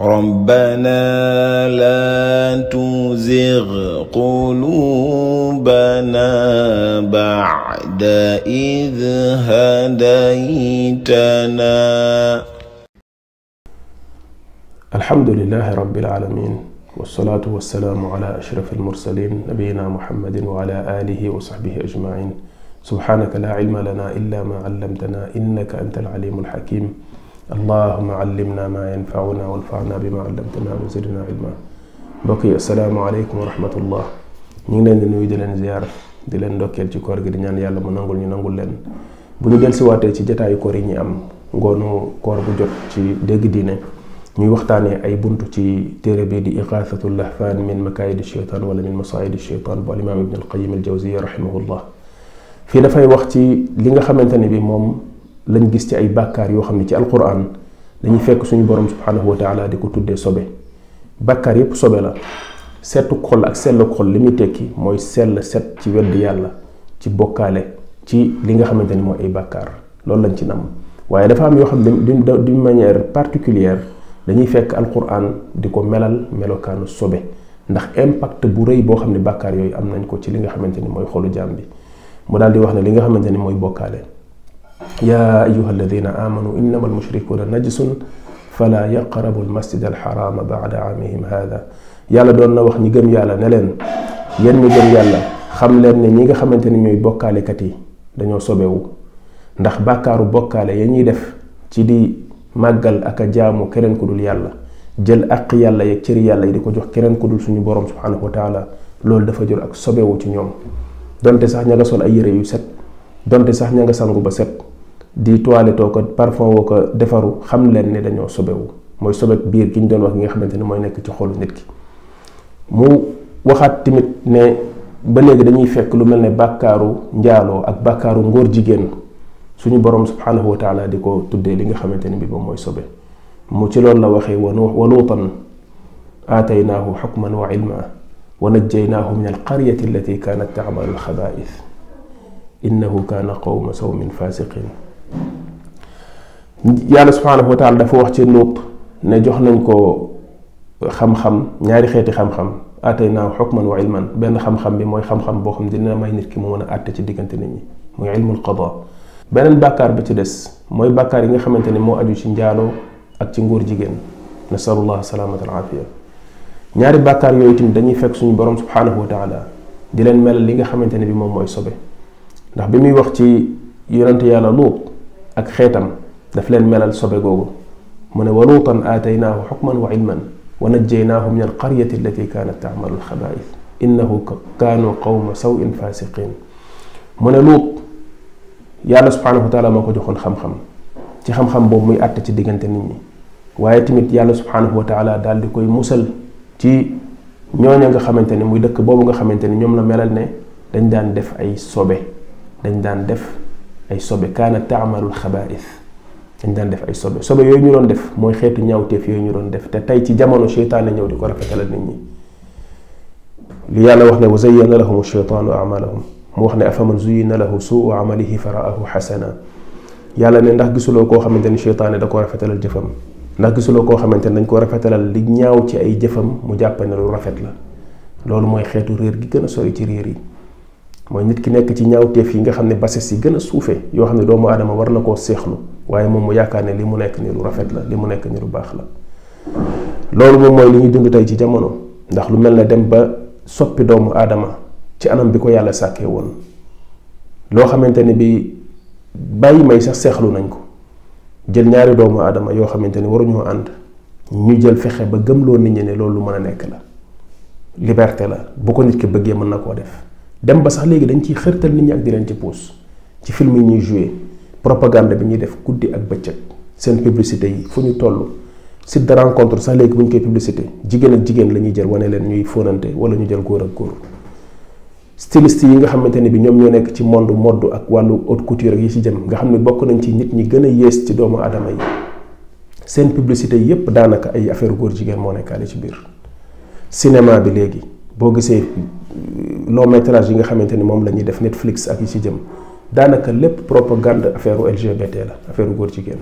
ربنا لا تزغ قلوبنا بعد إذ هديتنا الحمد لله رب العالمين والصلاة والسلام على أشرف المرسلين نبينا محمد وعلى آله وصحبه أجمعين سبحانك لا علم لنا إلا ما علمتنا إنك أنت العليم الحكيم allahuma allimna maa yanfauna wanfana bima allamtana wa zidna ilma mbokk yi asalaamaaleykum wa rahmatullah ñu ngi leen di nuyu di leen ziar di leen ndokkeel ci koor gi di ñaan yàlla mu nangul ñu nangul leen bu ñu dellusiwaatee ci jataayu koor yi ñi am ngoonu koor bu jot ci dégg diine ñuy waxtaanee ay bunt ci téere bi di iqaasatu lahfaan min makaayidi sheytaan wala min masaayidi sheytaan bu alimaam ibn alqayim aljawziya rahimahullah fii dafay wax ci li nga xamante ne bi moom lañ gis ci ay bàkkaar yoo xam ne ci alquran dañuy fekk suñu borom subhanahu wa taala di ko tuddee sobe bàkkaar yépp sobe la setu xol ak sell xol li muy tekki mooy sell set ci wedd yàlla ci bokkaale ci li nga xamante ni mooy ay bàkkaar loolu lañ ci nam waaye dafa am yoo xam ne d'une manière particulière dañuy fekk alquran di ko melal melokaanu sobe ndax impact bu rëy boo xam ne bàkkaar yooyu am nañ ko ci li nga xamante ni mooy xolu jaam bi mu dal di wax ne li nga xamante ni mooy bokkaale yaa ayyuha alladina amanu innama almushrikuuna najsun fala yaqrabu almasjid alxaraama bada amihim hada yàlla doon na wax ñi gëm yàlla ne leen yéen ñi gëm yàlla xam leen ne ñi nga xamante ni ñuy bokkaalekat yi dañoo sobewu ndax bàkkaaru bokkaale ya ñuy def ci di màggal ak a jaamu keneen ku dul yàlla jël àq yàlla yeeg cëri yàlla yi di ko jox keneen ku dul suñu borom subhanahu wa loolu dafa jur ak sobewu ci ñoom donte sax ña ay yére yu set donte sax ña nga sangu ba set di toilettoo ko parfum woo ko defaru xam leen ne dañoo sobewu mooy sobeek biir ki ñu doon wax gi nga xamante ne mooy nekk ci xolu nit ki mu waxaat tamit ne ba léegi dañuy fekk lu mel ne bàkkaaru njaaloo ak bàkkaaru ngóor jigéen suñu borom subhanahu wa taala di ko tuddee li nga xamante ne bi ba mooy sobe mu ci loolu la waxee wa wa luutan aataynaahu xukman wa ilma wa najjaynaahu min alqaryati allati kaanat taamalu alxabaais innahu kaana qawma sawmin fasiqin yàlla subhaanahu wa taala dafa wax ci nuut ne jox nañ ko xam-xam ñaari xeeti xam-xam atay naa xukman wa ilman benn xam-xam bi mooy xam-xam boo xam ne dina may nit ki mu mën a àtte ci diggante nit ñi muy ilmul qada beneen bàkkaar bi ci des mooy bàkkaar yi nga xamante ni moo aju ci njaaloo ak ci ngóor jigéen nasalullah salaamata al aafiya ñaari bàkkaar yooyu tamit dañuy fekk suñu borom subhaanahu wa di leen mel li nga xamante ne bi moom mooy sobe ndax bi muy wax ci yonent yàlla luut ak xeetam daf leen melal sobe googu mu ne wa luutan aataynaahu xukman wa ilman wa najjaynaahu min alqaryati allati kaanat taamalu alxabaais innahu kaanu qawma sawin fasiqin mu ne luut yàlla subhanahu wa taala moo ko joxoon xam-xam ci xam-xam boobu muy àtte ci diggante nit ñi waaye tamit yàlla subhanahu wa taala daal di koy musal ci ñooña nga xamante ni muy dëkk boobu nga xamante ni ñoom la melal ne dañ daan def ay sobe dañ daan def ay sobe kaana taamalul xabaais dañ daan def ay sobe sobe yooyu ñu doon def mooy xeetu ñaawteef yooyu ñu doon def te tey ci jamono seytaane ñëw di ko rafetalal nit ñi li yàlla wax ne wa zayyana lahum sheytaanu amalahum mu wax ne afaman zuyina lahu suu amalihi fa raahu xasana yàlla ne ndax gisuloo koo xamante ni seytaane da ko rafetalal jëfam ndax gisuloo koo xamante ni dañ ko rafetalal li ñaaw ci ay jëfam mu jàpp lu rafet la loolu mooy xeetu réer gi gën a ci réer yi mooy nit ki nekk ci ñaawteef yi nga xam ne bases yi gën a suufe yoo xam ne doomu aadama war na koo seexlu waaye moom mu yaakaar ne li mu nekk ni lu rafet la li mu nekk ni lu baax la moom mooy li ñuy dund tey ci jamono ndax lu mel ne dem ba soppi doomu aadama ci anam bi ko yàlla sàkkee woon loo xamante ne bi bàyyi may sax seexlu nañ ko jël ñaari doomu aadama yoo xamante ne waruñoo ànd ñu jël fexe ba gëmloo nit ñu ne loolu mën a nekk la liberté la bu ko nit ki bëggee mën na koo def dem ba sax léegi dañ ciy xërtal nit ñi ak di leen ci puus ci film yi ñuy joué propagande bi ñuy def guddi ak bëccëg seen publicité yi fu ñu toll site de rencontre sax léegi bu ñu koy publicité jigéen ak jigéen la ñuy jël wane leen ñuy fóonante wala ñu jël góor ak góor styliste yi nga xamante ni bi ñoom ñoo nekk ci monde mode ak wàllu haute couture ak yi ci jëm nga xam ne bokk nañ ci nit ñi gën a yées ci doomu aadama yi seen publicité yépp daanaka ay affaire góor jigéen moo nekkaale ci biir cinéma bi léegi boo gisee long métrage yi nga xamante ni moom la ñuy def Netflix ak yi ci jëm daanaka lépp propagande affaire LGBT la affaire góor jigéen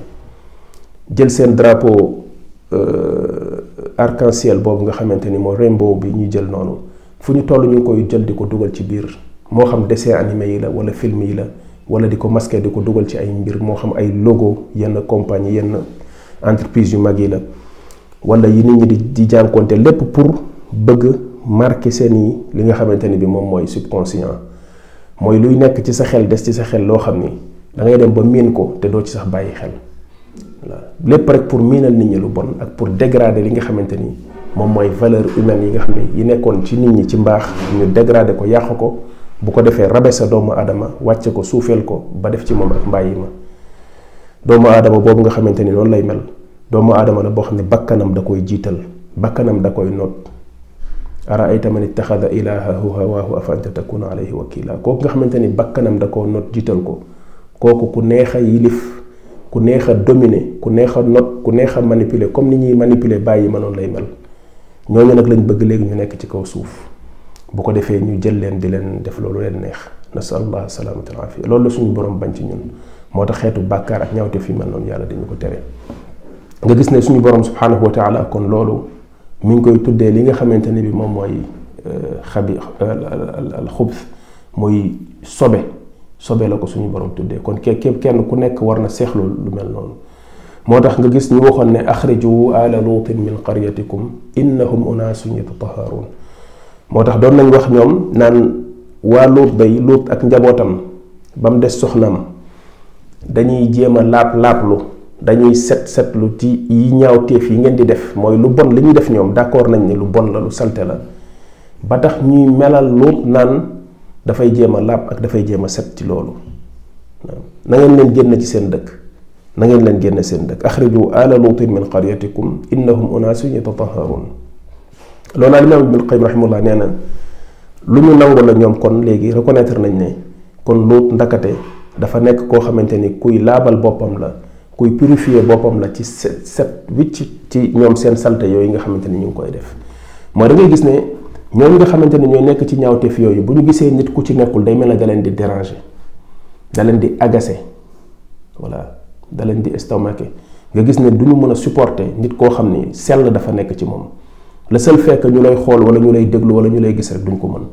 jël seen drapeau euh, arc en boobu nga xamante ni mooy rainbow bi ñuy jël noonu fu ñu toll ñu koy jël di ko dugal ci biir moo xam dessin animé yi la wala film yi la wala di ko masquer di ko dugal ci ay mbir moo xam ay logo yenn compagnie yenn entreprise yu mag yi la wala yi nit ñi di jànkoonte lépp pour bëgg. marqué seen i li nga xamante ni bi moom mooy subconscient mooy luy nekk ci sa xel des ci sa xel loo xam ni dangay dem ba miin ko te doo ci sax bàyyi xel lépp rek pour miinal nit ñi lu bon ak pour dégrader li nga xamante ni moom mooy valeur humaine yi nga xam ne yi nekkoon ci nit ñi ci mbaax ñu dégrader ko yàqu ko bu ko defee rabe sa doomu aadama wàcce ko suufeel ko ba def ci moom ak mbàyyi ma doomu aadama boobu nga xamante ni noonu lay mel doomu aadama la boo xam ne bakkanam da koy jiital bakkanam da koy noot araayta man ittaxada ilaahahu hawaahu afa anta takuna alayhi wakila kooku nga xamante ni bakkanam da koo not jiital ko kooku ku neex a yilif ku neex a dominer ku neex a not ku neex a manipuler comme ni ñuy manipuler bàyyi ma noonu lay mel ñooñu nag lañ bëgg léegi ñu nekk ci kaw suuf bu ko defee ñu jël leen di leen def loolu leen neex nasalullah salaamata al afia loolu la suñu borom bañ ci ñun moo tax xeetu bàkkaar ak ñaawte fi mel noonu yàlla dañu ko tere nga gis ne suñu borom subhanahu wa taala kon loolu mi ngi koy tuddee li nga xamante ne bi moom mooy euh, xabi al xubs mooy sobe sobe la ko suñu borom tuddee kon képp kenn ku nekk war na seexlu lu mel noonu moo tax nga gis ñu waxoon ne axriju ala luutin min qaryatikum innahum unaasun yatataharuun moo tax doon nañ wax ñoom naan waa luut day luut ak njabootam ba mu des soxnaam dañuy jéem a laab laablu dañuy set setlu ci yi ñaawteef yi ngeen di def mooy lu bon li ñuy def ñoom d'accord nañ ne lu bon la lu salte la ba tax ñuy melal Luut naan dafay jéem a laab ak dafay jéem a set ci na ngeen leen génn ci seen dëkk na ngeen leen génn seen dëkk axriju ala luutin min qaryatikum innahum unaasun yatataharun loolu al imaam ibnul qayyim rahimahullah nee na lu ñu nangu la ñoom kon léegi reconnaître nañ ne kon Luut ndakate dafa nekk koo xamante ni kuy laabal boppam la kuy purifier boppam la ci set set wicc ci ñoom seen salte yooyu nga xamante ni ñu ngi koy def mooy da ngay gis ne ñoom nga xamante ne ñooy nekk ci ñaawteef yooyu bu ñu gisee nit ku ci nekkul day mel ne da di déranger da leen di agacer voilà da leen di estomaquer nga gis ne du mën a supporter nit koo xam ni sell dafa nekk ci moom le seul fait ñu lay xool wala ñu déglu wala ñu lay gis duñ ko mën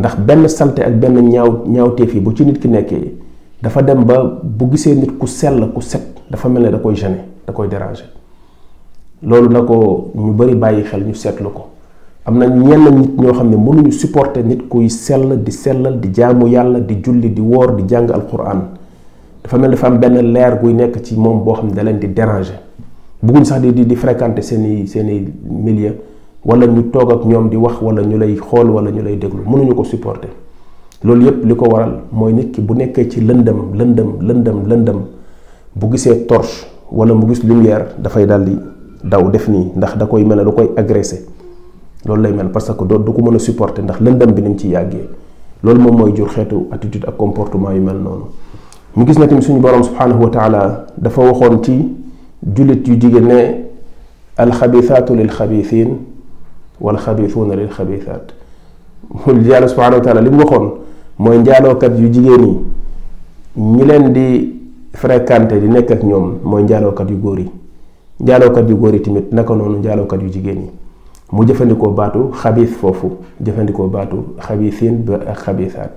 ndax benn salte ak benn ñaaw ñaawteef yi bu ci nit ki nekkee dafa dem ba bu gisee nit ku sell ku set dafa mel ne da koy gêner da koy déranger loolu na ko ñu bari bàyyi xel ñu seetlu ko am na ñenn nit ñoo xam ne mënuñu supporter nit kuy sell di sellal di jaamu yàlla di julli di wóor di jàng alquran dafa mel dafa am benn leer guy nekk ci moom boo xam ne da leen di déranger bëgguñ sax di di fréquenter seeni seeni milieu wala ñu toog ak ñoom di wax wala ñu lay xool wala ñu lay déglu mënuñu ko supporter loolu yépp li ko waral mooy nit ki bu nekkee ci lëndëm lëndëm lëndëm lëndëm bu gisee torche wala mu gis lumière dafay daal di daw def nii ndax da koy mel ne da koy agressé loolu lay mel parce que doo du ko mën a supporter ndax lëndam bi ni mu ci yàggee loolu moom mooy jur xeetu attitude ak comportement yu mel noonu mu gis na tamit suñu borom subhanahu wa taala dafa waxoon ci jullit yu jigéen ne alxabisaatu lil xabisiin wal xabisuuna lil xabisaat yàlla subhanahu wa taala li mu waxoon mooy njaalookat yu jigéen yi ñi leen fréquenté di nekk ak ñoom mooy njaalookat yu góor yi njaalookat yu góor yi tamit naka noonu njaalookat yu jigéen yi mu jëfandikoo baatu xabiis foofu jëfandikoo baatu xabiisiin ba ak xabiisaat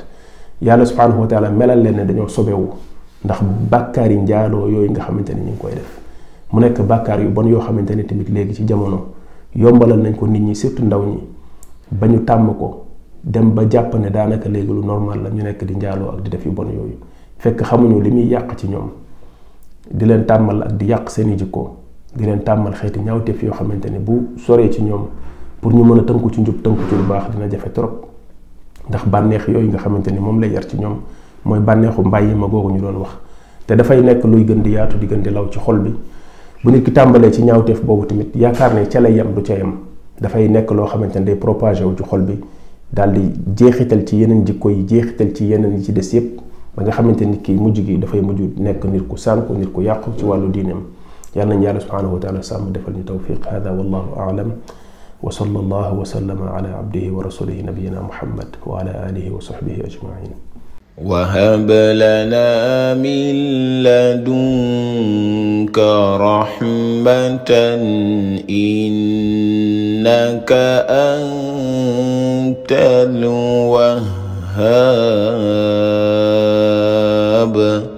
yàlla subhaanahu wa taala melal leen ne dañoo sobewu ndax bàkkaar yi njaaloo yooyu nga xamante ne ñu ngi koy def mu nekk bàkkaar yu bon yoo xamante ne tamit léegi ci jamono yombalal nañ ko nit ñi surtout ndaw ñi ba ñu tàmm ko dem ba jàpp ne daanaka léegi lu normal la ñu nekk di njaaloo ak di def yu bon yooyu fekk xamuñu li muy yàq ci ñoom di leen tàmbal ak di yàq seeni jikko di leen tàmmal xeeti ñaawteef yoo xamante ne bu soree ci ñoom pour ñu mën a tënku ci njub tënku ci lu baax dina jafe trop ndax bànneex yooyu nga xamante ni moom lay yar ci ñoom mooy bànneexu mbàyyi ma googu ñu doon wax te dafay nekk luy gën di yaatu di gën di law ci xol bi bu nit ki tàmbalee ci ñaawteef boobu tamit yaakaar ne ca lay yem du ca yem dafay nekk loo xamante ne day propagé wu ci bi daal di jeexital ci yeneen jikko yi jeexital ci yeneen yi ci des yépp ba nga xamante nit ki mujj gi dafay mujj nekk nit ku sànku nit ku yàqu ci wàllu diineem yàlla nañ yàlla subhanahu wa taala sàmm defal ñu tawfiq hada wallahu aalam wa sallallahu wa sallama ala abdihi wa rasulihi nabiyina muhammad wa ala alihi wa sahbihi ajmain وهب لنا من لدنك رحمة إنك أنت الوهاب الكتاب